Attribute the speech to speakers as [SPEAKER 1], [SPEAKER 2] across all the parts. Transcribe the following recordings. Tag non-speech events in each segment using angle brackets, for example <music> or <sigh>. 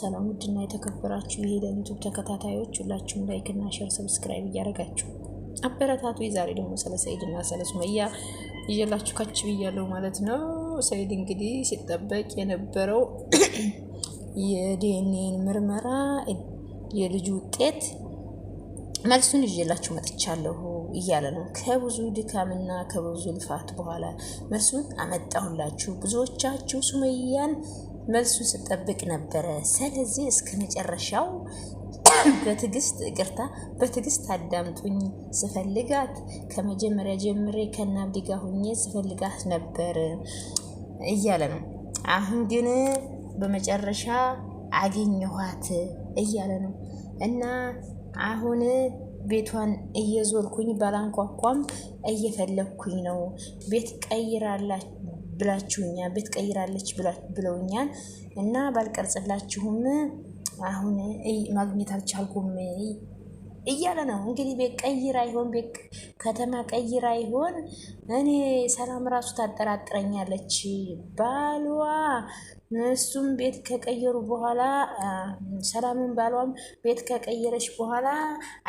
[SPEAKER 1] ሰላም ውድና የተከበራችሁ የሄለን ዩቱብ ተከታታዮች ሁላችሁም ላይክ እና ሸር ሰብስክራይብ እያደረጋችሁ አበረታቱ። ዛሬ ደግሞ ስለ ሰኢድ እና ስለ ሱመያ እየላችሁ ካች ብያለሁ ማለት ነው። ሰኢድ እንግዲህ ሲጠበቅ የነበረው <clears throat> የዲኤንኤን ምርመራ የልጁ ውጤት መልሱን ይዤላችሁ መጥቻለሁ እያለ ነው። ከብዙ ድካምና ከብዙ ልፋት በኋላ መልሱን አመጣሁላችሁ። ብዙዎቻችሁ ሱመያን መልሱን ስጠብቅ ነበረ። ስለዚህ እስከ መጨረሻው በትዕግስት ይቅርታ፣ በትዕግስት አዳምጡኝ። ስፈልጋት ከመጀመሪያ ጀምሬ ከናብዲ ጋር ሁኜ ስፈልጋት ነበር እያለ ነው። አሁን ግን በመጨረሻ አገኘኋት እያለ ነው እና አሁን ቤቷን እየዞርኩኝ ባላንኳኳም እየፈለግኩኝ ነው። ቤት ቀይራላ። ብላችሁኛ ቤት ቀይራለች ብለውኛል እና ባልቀርጽላችሁም አሁን ማግኘት አልቻልኩም። እያለ ነው እንግዲህ ቤት ቀይራ ይሆን ቤት ከተማ ቀይራ ይሆን? እኔ ሰላም ራሱ ታጠራጥረኛለች። ባሏ እሱም ቤት ከቀየሩ በኋላ ሰላምን ባሏም ቤት ከቀየረች በኋላ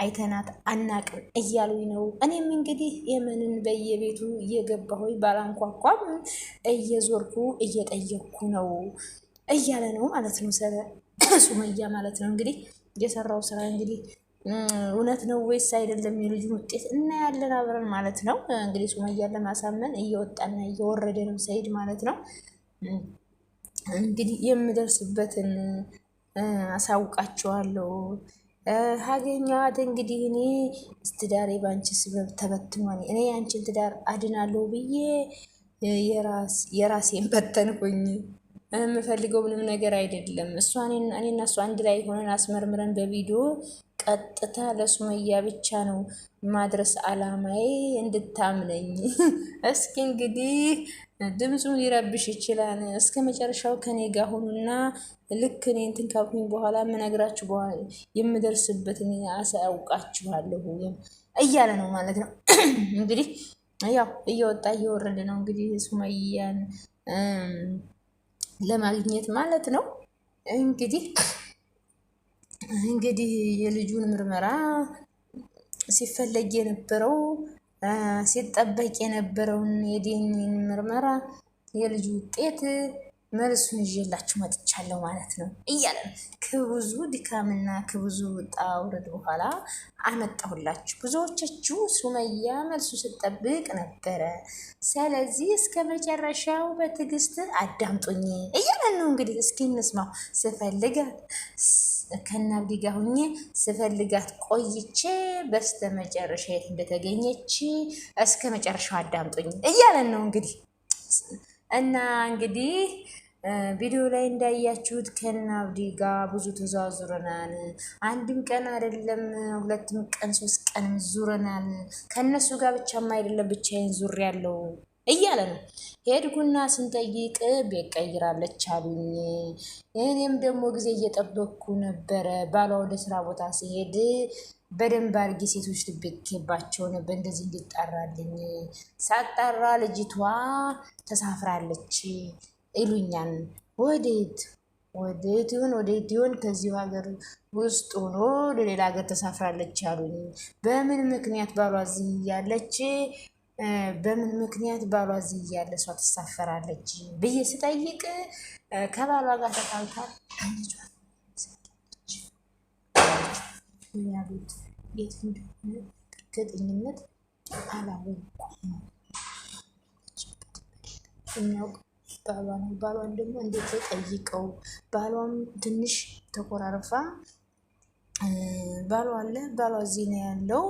[SPEAKER 1] አይተናት አናቅም እያሉኝ ነው። እኔም እንግዲህ የምንን በየቤቱ እየገባሁ ባላንኳኳም እየዞርኩ እየጠየቅኩ ነው እያለ ነው ማለት ነው። ሱመያ ማለት ነው እንግዲህ የሰራው ስራ እንግዲህ እውነት ነው ወይስ አይደለም የልጁን ውጤት እናያለን አብረን ማለት ነው። እንግዲህ ሱመያ ለማሳመን እየወጣና እየወረደ ነው ሰይድ ማለት ነው። እንግዲህ የምደርስበትን አሳውቃቸዋለሁ። ሀገኛዋት እንግዲህ እኔ ትዳሬ በአንቺ ስበብ ተበትኗል። እኔ አንቺን ትዳር አድናለሁ ብዬ የራሴን በተንኩኝ። የምፈልገው ምንም ነገር አይደለም። እሷ እኔና እሷ አንድ ላይ ሆነን አስመርምረን በቪዲዮ ቀጥታ ለሱመያ ብቻ ነው ማድረስ አላማዬ እንድታምነኝ። <laughs> እስኪ እንግዲህ ድምፁ ሊረብሽ ይችላል። እስከ መጨረሻው ከኔ ጋር ሁኑና ልክ እኔ እንትን ካልኩኝ በኋላ የምነግራችሁ በኋላ የምደርስበትን አሳውቃችኋለሁ እያለ ነው ማለት ነው። <clears throat> እንግዲህ ያው እየወጣ እየወረደ ነው እንግዲህ ሱመያን ለማግኘት ማለት ነው እንግዲህ እንግዲህ የልጁን ምርመራ ሲፈለግ የነበረው ሲጠበቅ የነበረውን የዴኒን ምርመራ የልጁ ውጤት መልሱን ይዤላችሁ መጥቻለሁ ማለት ነው እያለ ከብዙ ድካምና ከብዙ ውጣ ውረድ በኋላ አመጣሁላችሁ። ብዙዎቻችሁ ሱመያ መልሱ ስጠብቅ ነበረ። ስለዚህ እስከ መጨረሻው በትዕግስት አዳምጡኝ እያለን ነው። እንግዲህ እስኪ እንስማው። ስፈልጋት ከናብዲ ጋር ሁኜ ስፈልጋት ቆይቼ በስተ መጨረሻ የት እንደተገኘች እስከ መጨረሻው አዳምጦኝ እያለን ነው እንግዲህ እና እንግዲህ ቪዲዮ ላይ እንዳያችሁት ከናብዲ ጋር ብዙ ተዘዋዙረናል። አንድም ቀን አይደለም ሁለትም ቀን ሶስት ቀንም ዙረናል። ከእነሱ ጋር ብቻማ አይደለም ብቻዬን ዙር ያለው እያለ ነው። ሄድኩና ስንጠይቅ ቤት ቀይራለች አሉኝ። እኔም ደግሞ ጊዜ እየጠበቅኩ ነበረ። ባሏ ወደ ስራ ቦታ ሲሄድ በደንብ አድርጌ ሴቶች ልቤባቸው ነበር እንደዚህ እንዲጠራልኝ። ሳጣራ ልጅቷ ተሳፍራለች ይሉኛል። ወዴት ወዴት ይሁን ወዴት ይሁን ከዚሁ ሀገር ውስጥ ሆኖ ለሌላ ሀገር ተሳፍራለች አሉኝ። በምን ምክንያት ባሏ እዚህ እያለች በምን ምክንያት ባሏ እዚህ እያለ እሷ ትሳፈራለች ብዬ ስጠይቅ ከባሏ ጋር ተጣልታ ቤት የት እንደሆነ እርግጠኝነት አላወኩም። የሚያውቅ ባሏ ነው። ባሏን ደግሞ እንዴት ተጠይቀው? ባሏም ትንሽ ተኮራርፋ ባሏ አለ ባሏ እዚህ ነው ያለው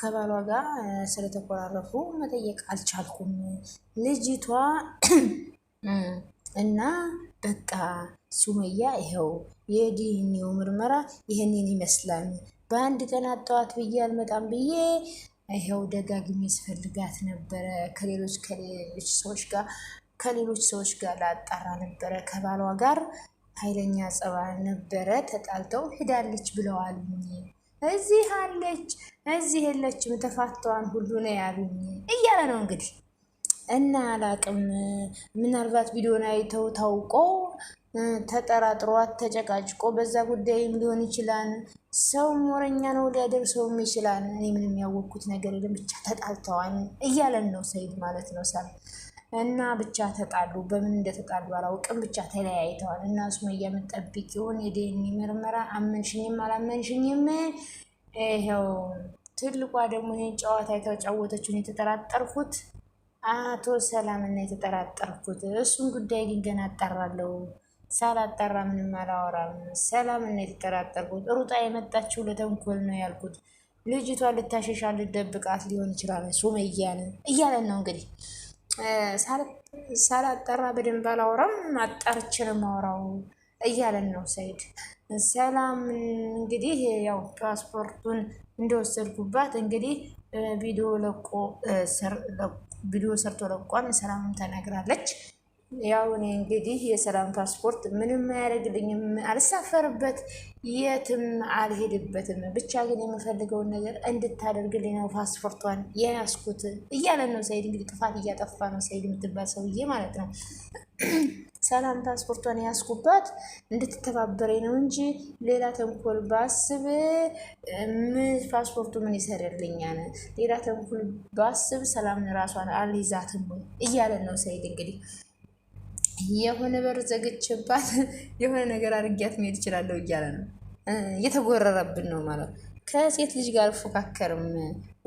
[SPEAKER 1] ከባሏ ጋር ስለተኮራረፉ መጠየቅ አልቻልኩም። ልጅቷ እና በቃ ሱመያ ይኸው የዲኒው ምርመራ ይህንን ይመስላል። በአንድ ቀን አጠዋት ብዬ አልመጣም ብዬ ይኸው ደጋግሜ ስፈልጋት ነበረ። ከሌሎች ከሌሎች ሰዎች ጋር ከሌሎች ሰዎች ጋር ላጣራ ነበረ። ከባሏ ጋር ኃይለኛ ጸባ ነበረ። ተጣልተው ሄዳለች ብለዋል። እዚህ አለች፣ እዚህ የለችም፣ ተፋተዋን ሁሉ ነው ያሉኝ እያለ ነው እንግዲህ እና አላቅም ምናልባት ቪዲዮን አይተው ታውቆ ተጠራጥሯት ተጨቃጭቆ በዛ ጉዳይም ሊሆን ይችላል። ሰው ወረኛ ነው ሊያደርሰውም ይችላል። እኔ ምንም ያወቅኩት ነገር የለም ብቻ ተጣልተዋል እያለን ነው ሰይድ ማለት ነው። እና ብቻ ተጣሉ። በምን እንደተጣሉ አላውቅም። ብቻ ተለያይተዋል እና ሱመያ የምጠብቂውን የዴኒ ምርመራ አመንሽኝም አላመንሽኝም ይኸው ትልቋ ደግሞ ይህን ጨዋታ የተጫወተችውን የተጠራጠርኩት አቶ ሰላምና የተጠራጠርኩት እሱን ጉዳይ ግን ገና አጣራለሁ። ሳላጠራ ምንም አላወራም። ሰላምና የተጠራጠርኩት ሩጣ የመጣችው ለተንኮል ነው ያልኩት ልጅቷ ልታሸሻ ልደብቃት ሊሆን ይችላል ሱመያን እያለን ነው እንግዲህ ሳላጠራ በደንብ አላወራም፣ አጣርቼ ነው እያለን ነው ሰይድ። ሰላም እንግዲህ ያው ፓስፖርቱን እንደወሰድኩባት እንግዲህ ቪዲዮ ለቆ ቪዲዮ ሰርቶ ለቋን ሰላምም ተናግራለች። ያው እኔ እንግዲህ የሰላም ፓስፖርት ምንም አያደርግልኝም፣ አልሳፈርበት፣ የትም አልሄድበትም። ብቻ ግን የምፈልገውን ነገር እንድታደርግልኝ ነው ፓስፖርቷን የያዝኩት እያለ ነው ሰይድ። እንግዲህ ጥፋት እያጠፋ ነው ሰይድ የምትባል ሰውዬ ማለት ነው። ሰላም ፓስፖርቷን የያዝኩባት እንድትተባበረኝ ነው እንጂ ሌላ ተንኮል ባስብ ፓስፖርቱ ምን ይሰርልኛል? ሌላ ተንኮል ባስብ ሰላምን ራሷን አልይዛትም እያለን ነው ሰይድ እንግዲህ የሆነ በር ዘግቼባት <laughs> የሆነ ነገር አድርጊያት መሄድ እችላለሁ እያለ ነው። እየተጎረረብን ነው ማለት ከሴት ልጅ ጋር አልፎካከርም።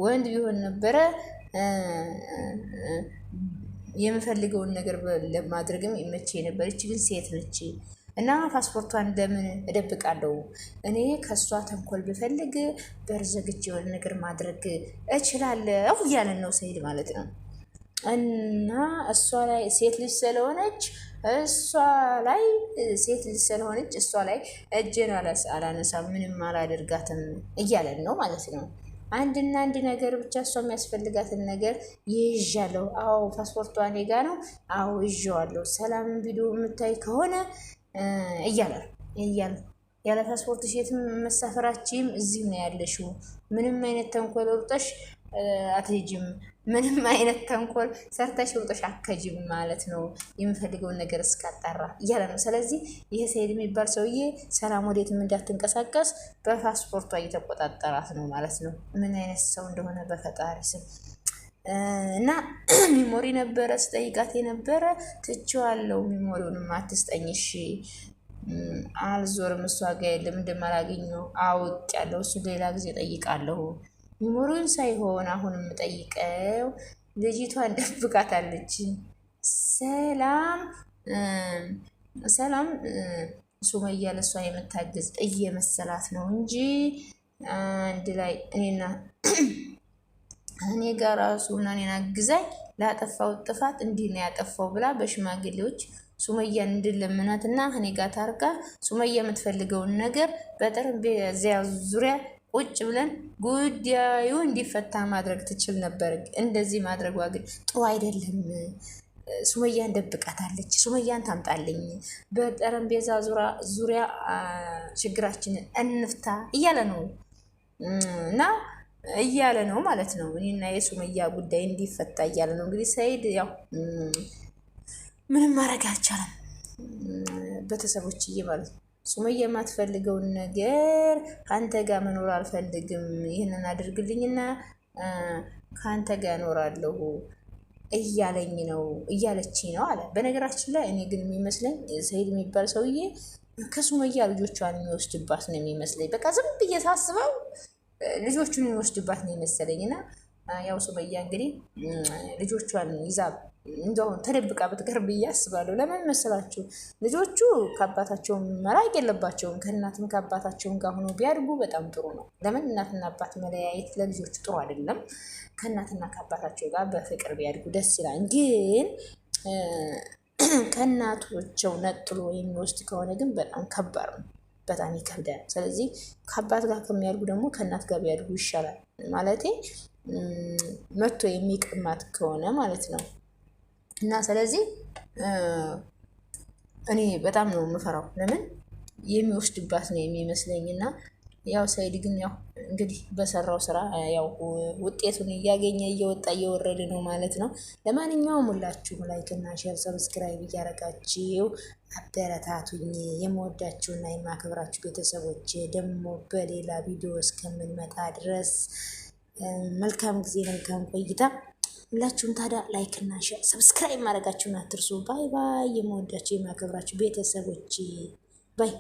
[SPEAKER 1] ወንድ ቢሆን ነበረ የምፈልገውን ነገር ለማድረግም ይመቼ ነበር። እች ግን ሴት ነች እና ፓስፖርቷን ለምን እደብቃለሁ? እኔ ከእሷ ተንኮል ብፈልግ በርዘግጅ የሆነ ነገር ማድረግ እችላለሁ እያለን ነው ሰይድ ማለት ነው። እና እሷ ላይ ሴት ልጅ ስለሆነች እሷ ላይ ሴት ልጅ ስለሆነች እሷ ላይ እጄን አላነሳ ምንም አላደርጋትም እያለን ነው ማለት ነው። አንድና አንድ ነገር ብቻ እሷ የሚያስፈልጋትን ነገር ይዣለሁ። አዎ ፓስፖርቷ እኔ ጋ ነው። አዎ ይዤዋለሁ። ሰላም ቪዲዮ የምታይ ከሆነ እያለ እያለ ያለ ፓስፖርት ሴትም መሳፈራችም እዚህ ነው ያለሽው ምንም አይነት ተንኮል ሩጠሽ አትሄጂም ምንም አይነት ተንኮል ሰርተሽ ውጥሽ አከጅም ማለት ነው፣ የምፈልገውን ነገር እስካጠራ እያለ ነው። ስለዚህ ይህ ሰይድ የሚባል ሰውዬ ሰላም ወዴትም እንዳትንቀሳቀስ በፓስፖርቷ እየተቆጣጠራት ነው ማለት ነው። ምን አይነት ሰው እንደሆነ በፈጣሪ ስም እና <clears throat> ሚሞሪ ነበረ ስጠይቃት የነበረ አለው ሚሞሪውንም አትስጠኝ እሺ አልዞርም እሷ ጋ የለም እንደማላገኘው አውቅ ያለው እሱ ሌላ ጊዜ ጠይቃለሁ ሚሞሪውን ሳይሆን አሁን የምጠይቀው ልጅቷን ደብቃታለች። ሰላም ሰላም ሱመያ ለእሷ የምታግዝ እየመሰላት ነው እንጂ አንድ ላይ እኔና እኔ ጋር ራሱ እና እኔን አግዛኝ ላጠፋው ጥፋት እንዲህ ነው ያጠፋው ብላ በሽማግሌዎች ሱመያን እንድለምናት እና እኔ ጋር ታርቃ ሱመያ የምትፈልገውን ነገር በጠረጴዛ ዙሪያ ቁጭ ብለን ጉዳዩ እንዲፈታ ማድረግ ትችል ነበር። እንደዚህ ማድረጓ ግን ጥሩ አይደለም። ሱመያን ደብቃታለች። ሱመያን ታምጣልኝ፣ በጠረጴዛ ዙሪያ ችግራችንን እንፍታ እያለ ነው እና እያለ ነው ማለት ነው። እኔና የሱመያ ጉዳይ እንዲፈታ እያለ ነው። እንግዲህ ሰይድ ያው ምንም ማድረግ አልቻለም፣ ቤተሰቦችዬ እየባሉ ሱመያ የማትፈልገውን ነገር ከአንተ ጋር መኖር አልፈልግም፣ ይህንን አድርግልኝና ከአንተ ጋር እኖራለሁ እያለኝ ነው እያለች ነው አለ። በነገራችን ላይ እኔ ግን የሚመስለኝ ሰይድ የሚባል ሰውዬ ከሱመያ ልጆቿን የሚወስድባት ነው የሚመስለኝ። በቃ ዝም ብዬ ሳስበው ልጆቹን የሚወስድባት ነው የመሰለኝ እና ያው ሱመያ እንግዲህ ልጆቿን ይዛ እንደሁን ተደብቃ ብትቀር ብዬ አስባለሁ። ለምን መስላችሁ? ልጆቹ ከአባታቸውን መራቅ የለባቸውም። ከእናትም ከአባታቸውን ጋር ሆኖ ቢያድጉ በጣም ጥሩ ነው። ለምን እናትና አባት መለያየት ለልጆቹ ጥሩ አይደለም። ከእናትና ከአባታቸው ጋር በፍቅር ቢያድጉ ደስ ይላል። ግን <clears throat> ከእናቶቸው ነጥሎ የሚወስድ ከሆነ ግን በጣም ከባድ ነው። በጣም ይከብዳል። ስለዚህ ከአባት ጋር ከሚያድጉ ደግሞ ከእናት ጋር ቢያድጉ ይሻላል ማለቴ መቶ የሚቅማት ከሆነ ማለት ነው። እና ስለዚህ እኔ በጣም ነው የምፈራው። ለምን የሚወስድባት ነው የሚመስለኝ። እና ያው ሰይድ ግን ያው እንግዲህ በሰራው ስራ ያው ውጤቱን እያገኘ እየወጣ እየወረደ ነው ማለት ነው። ለማንኛውም ሁላችሁ ላይክና ሼር፣ ሰብስክራይብ እያረጋችሁ አበረታቱኝ። የምወዳችሁና የማከብራችሁ ቤተሰቦች ደግሞ በሌላ ቪዲዮ እስከምንመጣ ድረስ መልካም ጊዜ፣ መልካም ቆይታ ሁላችሁም። ታዲያ ላይክ እና ሸር ሰብስክራይብ ማድረጋችሁን አትርሱ። ባይ ባይ። የመወዳችሁ የማከብራችሁ ቤተሰቦች ባይ